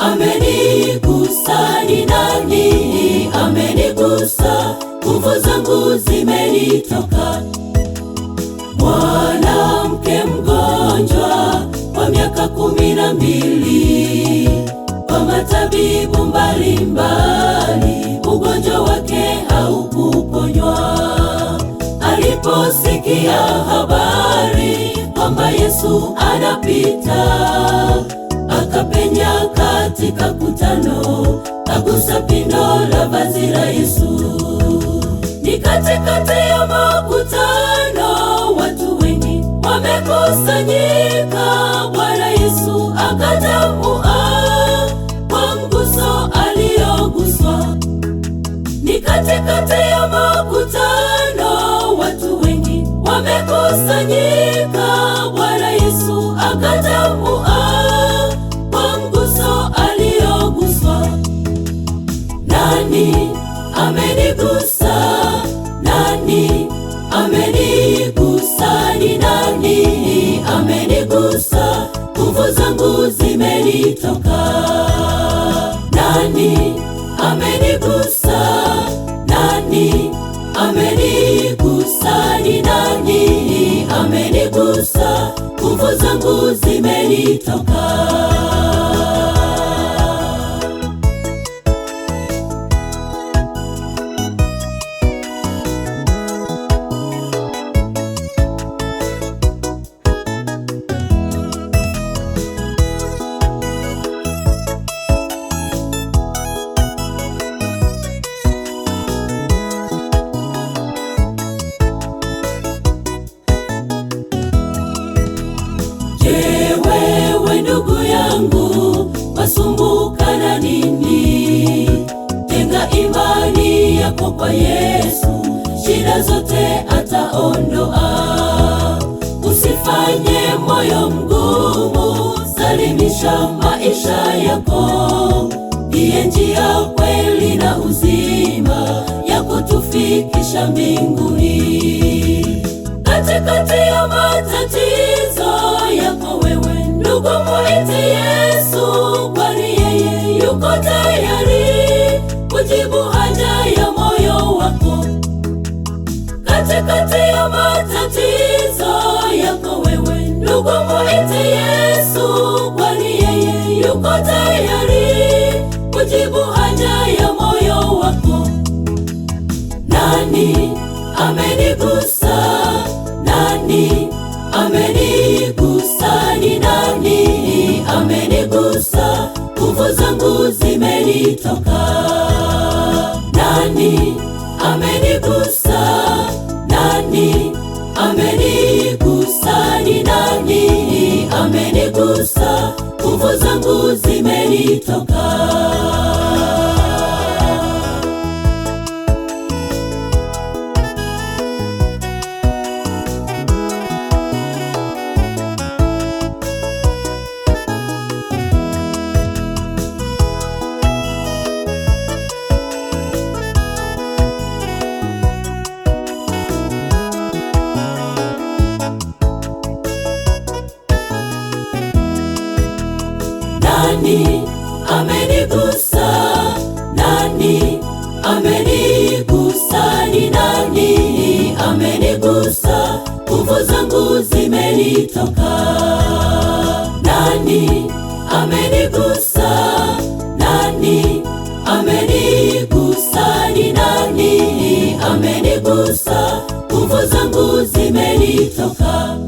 Amenigusa, ni nani amenigusa? Nguvu zangu zimenitoka. Mwanamke mgonjwa kwa miaka kumi na mbili, kwa matabibu mbalimbali, ugonjwa wake haukuponywa. Aliposikia habari kwamba Yesu anapita, akapenya katika kutano, kagusa pindo la vazi la Yesu. Ni katikati ya makutano, watu wengi wamekusanyika, Bwana Yesu akatambua kwa mguso aliyoguswa. Ni katikati ya makutano, watu wengi wamekusanyika, Bwana Yesu akatambua Amenigusa, ni nani amenigusa? Nguvu zangu zimenitoka. Nani amenigusa? Nani amenigusa? Ni nani amenigusa? Nguvu zangu zimenitoka. yako kwa Yesu, shida zote ataondoa. Usifanye moyo mgumu, salimisha maisha yako. Ndiye njia, kweli na uzima, ya kutufikisha mbinguni. Katikati ya matatizo yako, wewe ndugu, mwite Yesu, kwani yeye yuko tayari kujibu kati ya matatizo yako wewe, ndugu, muite Yesu, kwani yeye yuko tayari kujibu haja ya moyo wako. Nani amenigusa? Nani amenigusa? Ni nani amenigusa? Nguvu zangu zimenitoka. Nani amenigusa, ni nani amenigusa? Nguvu zangu zimenitoka Nani amenigusa? Nani amenigusa? Ni nani amenigusa? Nguvu zangu zimenitoka. Nani amenigusa? Nani amenigusa? Ni nani amenigusa? Nguvu zangu zimenitoka.